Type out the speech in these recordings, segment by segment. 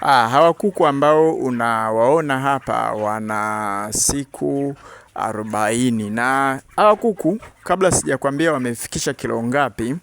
Ah, hawa kuku ambao unawaona hapa wana siku arobaini na hawa kuku kabla sijakwambia wamefikisha kilo ngapi,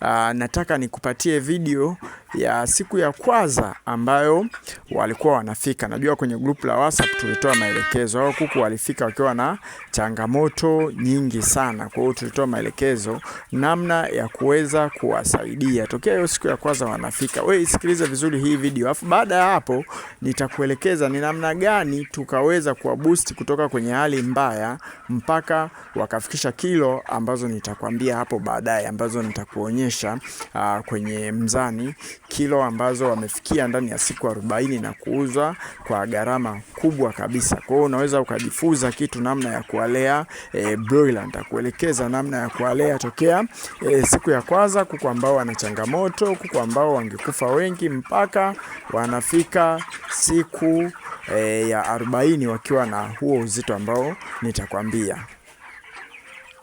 ah, nataka nikupatie video ya siku ya kwanza ambayo walikuwa wanafika. Najua kwenye group la WhatsApp tulitoa maelekezo, hao kuku walifika wakiwa na changamoto nyingi sana. Kwa hiyo tulitoa maelekezo namna ya kuweza kuwasaidia tokea hiyo siku ya kwanza wanafika. Wewe isikilize vizuri hii video, afu baada ya hapo nitakuelekeza ni namna gani tukaweza kuwa boost kutoka kwenye hali mbaya mpaka wakafikisha kilo ambazo nitakwambia hapo baadaye, ambazo nitakuonyesha uh, kwenye mzani kilo ambazo wamefikia ndani ya siku arobaini na kuuzwa kwa gharama kubwa kabisa. Kwa hiyo unaweza ukajifunza kitu namna ya kuwalea e, broiler. Nitakuelekeza namna ya kuwalea tokea e, siku ya kwanza kuku ambao wana changamoto, kuku ambao wangekufa wengi mpaka wanafika siku e, ya arobaini wakiwa na huo uzito ambao nitakwambia.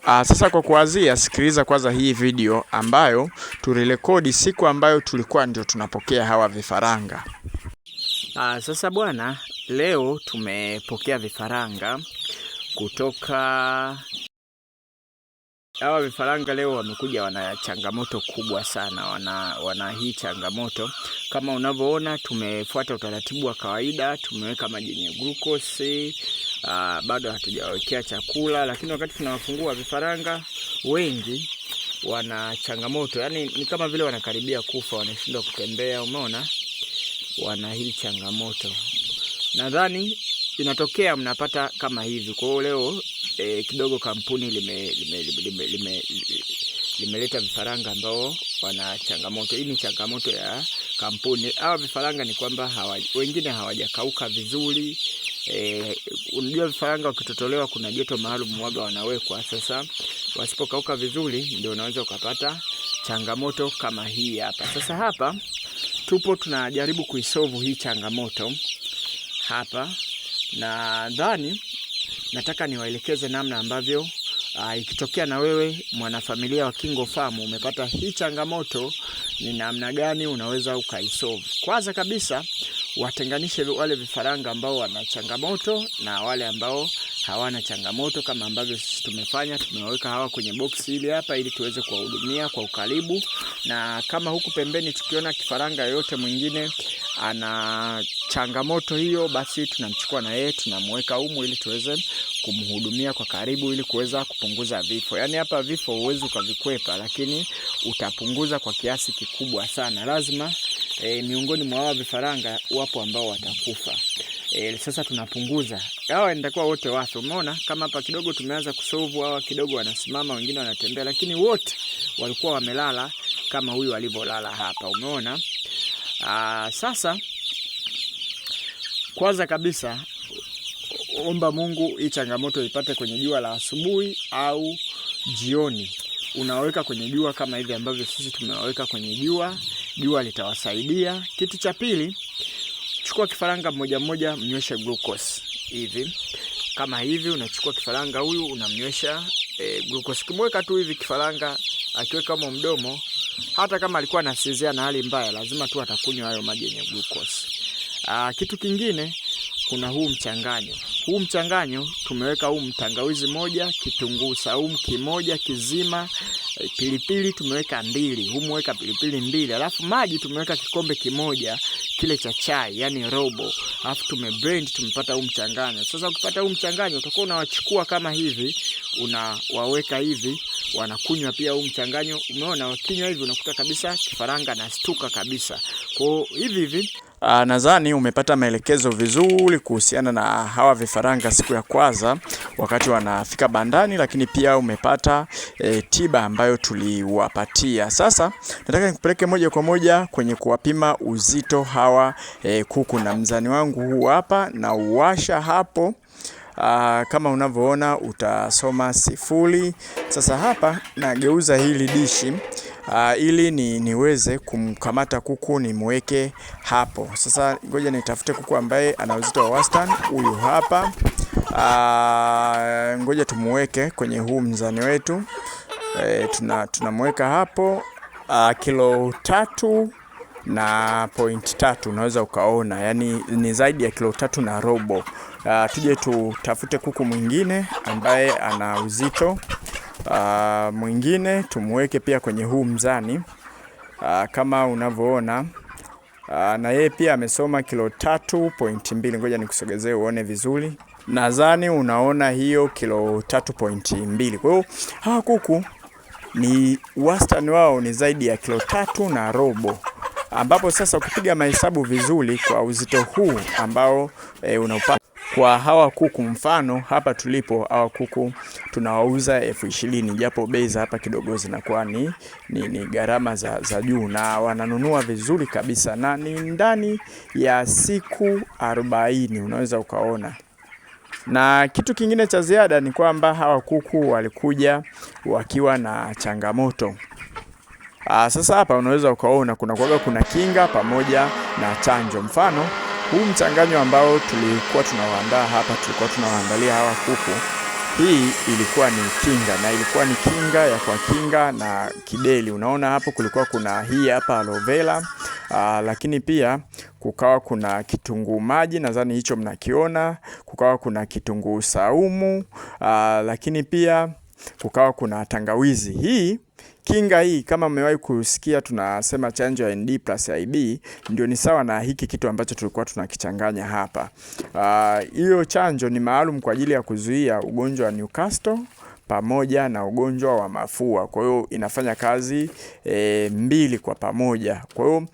Uh, sasa kwa kuanzia, sikiliza kwanza hii video ambayo tulirekodi siku ambayo tulikuwa ndio tunapokea hawa vifaranga. Uh, sasa bwana, leo tumepokea vifaranga kutoka hawa vifaranga leo wamekuja, wana changamoto kubwa sana, wana, wana hii changamoto kama unavyoona. Tumefuata utaratibu wa kawaida, tumeweka maji yenye glukosi Ah, bado hatujawekea chakula, lakini wakati tunawafungua vifaranga wengi wana changamoto, yani ni kama vile wanakaribia kufa, wanashindwa kutembea. Umeona, wana hii changamoto. Nadhani inatokea mnapata kama hivi. Kwa hiyo leo e, kidogo kampuni limeleta lime, lime, lime, lime, lime vifaranga ambao wana changamoto hii. Ni changamoto ya kampuni. Hawa vifaranga ni kwamba hawa, wengine hawajakauka vizuri E, unajua vifaranga wakitotolewa kuna joto maalum waga wanawekwa. Sasa wasipokauka vizuri, ndio unaweza ukapata changamoto kama hii hapa. Sasa hapa tupo tunajaribu kuisovu hii changamoto hapa, na nadhani nataka niwaelekeze namna ambavyo Uh, ikitokea na wewe mwanafamilia wa Kingo Farm umepata hii changamoto, ni namna gani unaweza ukaisolve. Kwanza kabisa watenganishe wale vifaranga ambao wana changamoto na wale ambao hawana changamoto, kama ambavyo sisi tumefanya. Tumewaweka hawa kwenye box hili hapa, ili tuweze kuwahudumia kwa ukaribu, na kama huku pembeni tukiona kifaranga yoyote mwingine ana changamoto hiyo, basi tunamchukua na yeye tunamweka humu, ili tuweze kumhudumia kwa karibu, ili kuweza kupunguza vifo. Yaani hapa vifo huwezi ukavikwepa, lakini utapunguza kwa kiasi kikubwa sana. Lazima e, miongoni mwa hawa vifaranga wapo ambao watakufa. E, sasa tunapunguza hawa, nitakuwa wote wafe. Umeona kama hapa kidogo tumeanza kusovu, hawa, kidogo wanasimama, wengine wanatembea, lakini wote walikuwa wamelala kama huyu alivyolala hapa. Umeona aa, ah, sasa kwanza kabisa omba Mungu hii changamoto ipate kwenye jua la asubuhi au jioni. unaweka kwenye jua kama hivi ambavyo sisi tumewaweka kwenye jua jua litawasaidia. Kitu cha pili, chukua kifaranga mmoja mmoja, mnyweshe glucose hivi kama hivi. Unachukua kifaranga huyu unamnywesha e, glucose. Kimweka tu hivi kifaranga, akiweka kama mdomo, hata kama alikuwa anasizia na hali mbaya, lazima tu atakunywa hayo maji yenye glucose. Aa, kitu kingine kuna huu mchanganyo huu mchanganyo tumeweka huu mtangawizi moja, kitunguu saumu kimoja kizima, Eh, pilipili tumeweka mbili, humweka pilipili mbili, alafu maji tumeweka kikombe kimoja kile cha chai, yani robo, alafu tumeblend, tumepata huu mchanganyo. Sasa ukipata huu mchanganyo utakuwa unawachukua kama hivi, unawaweka hivi, wanakunywa pia huu mchanganyo. Umeona, wakinywa hivi unakuta kabisa kifaranga nastuka kabisa. Kwa hivi hivi Ah, nadhani umepata maelekezo vizuri kuhusiana na hawa vifaranga siku ya kwanza wakati wanafika bandani, lakini pia umepata e, tiba ambayo tuliwapatia. Sasa nataka nikupeleke moja kwa moja kwenye kuwapima uzito hawa e, kuku, na mzani wangu huu hapa na uwasha hapo. Aa, ah, kama unavyoona utasoma sifuri. Sasa hapa nageuza hili dishi uh, ili ni, niweze kumkamata kuku nimweke hapo. Sasa ngoja nitafute kuku ambaye ana uzito wa wastani, huyu hapa uh, ngoja tumuweke kwenye huu mzani wetu eh, tuna tunamweka hapo uh, kilo tatu na point tatu unaweza ukaona, yani ni zaidi ya kilo tatu na robo. Uh, tuje tutafute kuku mwingine ambaye ana uzito Uh, mwingine tumweke pia kwenye huu mzani uh, kama unavyoona uh, na yeye pia amesoma kilo tatu pointi mbili. Ngoja nikusogezee uone vizuri. Nadhani unaona hiyo kilo tatu pointi mbili. Kwa hiyo hawa kuku ni wastani wao ni zaidi ya kilo tatu na robo ambapo sasa ukipiga mahesabu vizuri kwa uzito huu ambao e, unaupata kwa hawa kuku mfano hapa tulipo, hawa kuku tunawauza elfu ishirini japo bei za hapa kidogo zinakuwa ni, ni, ni gharama za, za juu, na wananunua vizuri kabisa, na ni ndani ya siku arobaini unaweza ukaona na kitu kingine cha ziada ni kwamba hawa kuku walikuja wakiwa na changamoto. Aa, ah, sasa hapa unaweza ukaona kuna kwaga kuna kinga pamoja na chanjo mfano huu mchanganyo ambao tulikuwa tunawaandaa hapa, tulikuwa tunawaandalia hawa kuku, hii ilikuwa ni kinga na ilikuwa ni kinga ya kwa kinga na kideli. Unaona hapo kulikuwa kuna hii hapa aloe vera Aa, ah, lakini pia kukawa kuna kitunguu maji nadhani hicho mnakiona, kukawa kuna kitunguu saumu, aa, ah, lakini pia kukawa kuna tangawizi hii Kinga hii kama mmewahi kusikia tunasema chanjo ya ND plus IB ndio ni sawa na hiki kitu ambacho tulikuwa tunakichanganya hapa. Ah, hiyo uh, chanjo ni maalum kwa ajili ya kuzuia ugonjwa wa Newcastle pamoja na ugonjwa wa mafua. Kwa hiyo inafanya kazi e, mbili kwa pamoja. Kwa hiyo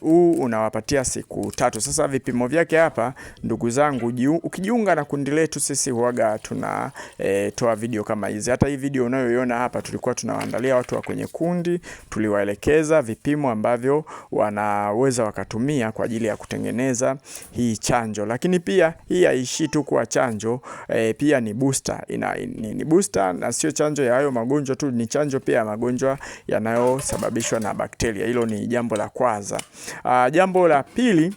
huu uh, unawapatia siku tatu. Sasa vipimo vyake hapa, ndugu zangu, ukijiunga na kundi letu sisi huaga tuna e, toa video kama hizi. Hata hii video unayoiona hapa tulikuwa tunawaandalia watu wa kwenye kundi, tuliwaelekeza vipimo ambavyo wanaweza wakatumia kwa ajili ya kutengeneza hii chanjo. Lakini pia hii haishii tu kuwa chanjo e, pia ni booster. Ina, ni, ni booster booster na sio chanjo ya hayo magonjwa tu, ni chanjo pia ya magonjwa yanayosababishwa na bakteria. Hilo ni jambo la kwanza. Uh, jambo la pili,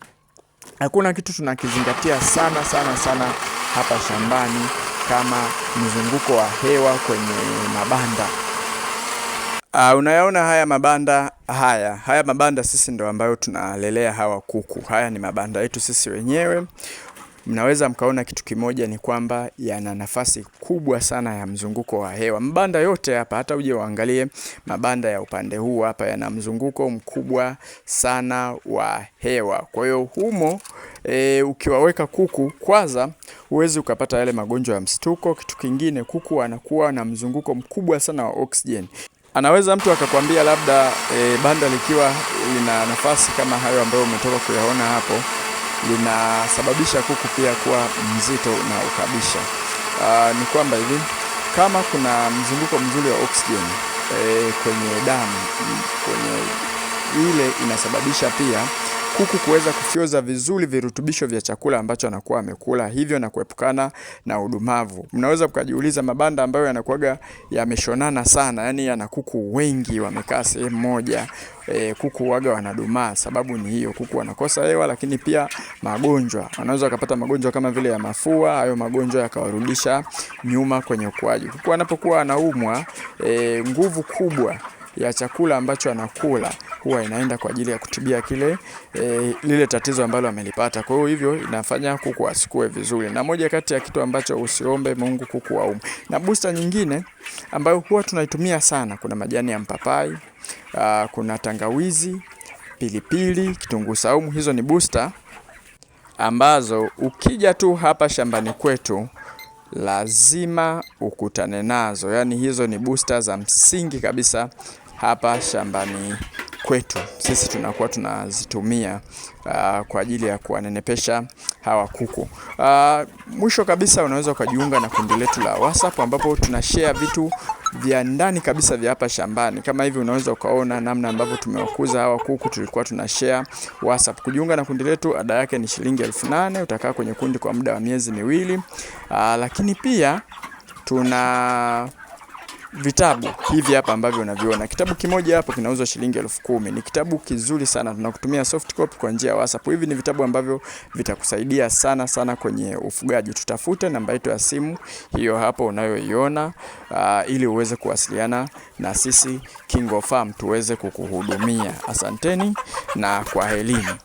hakuna kitu tunakizingatia sana sana sana hapa shambani kama mzunguko wa hewa kwenye mabanda. Uh, unayaona haya mabanda haya haya mabanda, sisi ndo ambayo tunalelea hawa kuku. Haya ni mabanda yetu sisi wenyewe mnaweza mkaona kitu kimoja ni kwamba yana nafasi kubwa sana ya mzunguko wa hewa. Mabanda yote hapa, hata uje waangalie mabanda ya upande huu hapa, yana mzunguko mkubwa sana wa hewa. Kwa hiyo humo e, ukiwaweka kuku kwanza, huwezi ukapata yale magonjwa ya mstuko. Kitu kingine, kuku anakuwa na mzunguko mkubwa sana wa oxygen. Anaweza mtu akakwambia labda e, banda likiwa lina nafasi kama hayo ambayo umetoka kuyaona hapo linasababisha kuku pia kuwa mzito na ukabisha. Aa, ah, ni kwamba hivi kama kuna mzunguko mzuri wa oxygen e, kwenye damu kwenye ile inasababisha pia kuku kuweza kufyoza vizuri virutubisho vya chakula ambacho anakuwa amekula, hivyo na kuepukana na udumavu. Mnaweza mkajiuliza mabanda ambayo yanakuwaga yameshonana sana, yani yana kuku wengi wamekaa sehemu moja E, kuku waga wanadumaa. Sababu ni hiyo, kuku wanakosa hewa, lakini pia magonjwa, wanaweza wakapata magonjwa kama vile ya mafua. Hayo magonjwa yakawarudisha nyuma kwenye ukuaji. Kuku anapokuwa anaumwa e, nguvu kubwa ya chakula ambacho anakula huwa inaenda kwa ajili ya kutibia kile e, lile tatizo ambalo amelipata. Kwa hiyo hivyo inafanya kuku asikue vizuri, na moja kati ya kitu ambacho usiombe Mungu kuku waume. Na booster nyingine ambayo huwa tunaitumia sana, kuna majani ya mpapai aa, kuna tangawizi, pilipili, kitunguu saumu. Hizo ni booster ambazo ukija tu hapa shambani kwetu lazima ukutane nazo. Yaani hizo ni booster za msingi kabisa hapa shambani kwetu sisi tunakuwa tunazitumia uh, kwa ajili ya kuwanenepesha hawa kuku. Uh, mwisho kabisa unaweza ukajiunga na kundi letu la WhatsApp ambapo tuna share vitu vya ndani kabisa vya hapa shambani. Kama hivi unaweza ukaona namna ambavyo tumewakuza hawa kuku, tulikuwa tuna share WhatsApp. Kujiunga na kundi letu ada yake ni shilingi elfu nane. Utakaa kwenye kundi kwa muda wa miezi miwili. Aa, ah, lakini pia tuna vitabu hivi hapa ambavyo unaviona. Kitabu kimoja hapo kinauzwa shilingi elfu kumi. Ni kitabu kizuri sana, tunakutumia soft copy kwa njia ya WhatsApp. Hivi ni vitabu ambavyo vitakusaidia sana sana kwenye ufugaji. Tutafute namba yetu ya simu hiyo hapo unayoiona, uh, ili uweze kuwasiliana na sisi Farm tuweze kukuhudumia. Asanteni na kwa elimu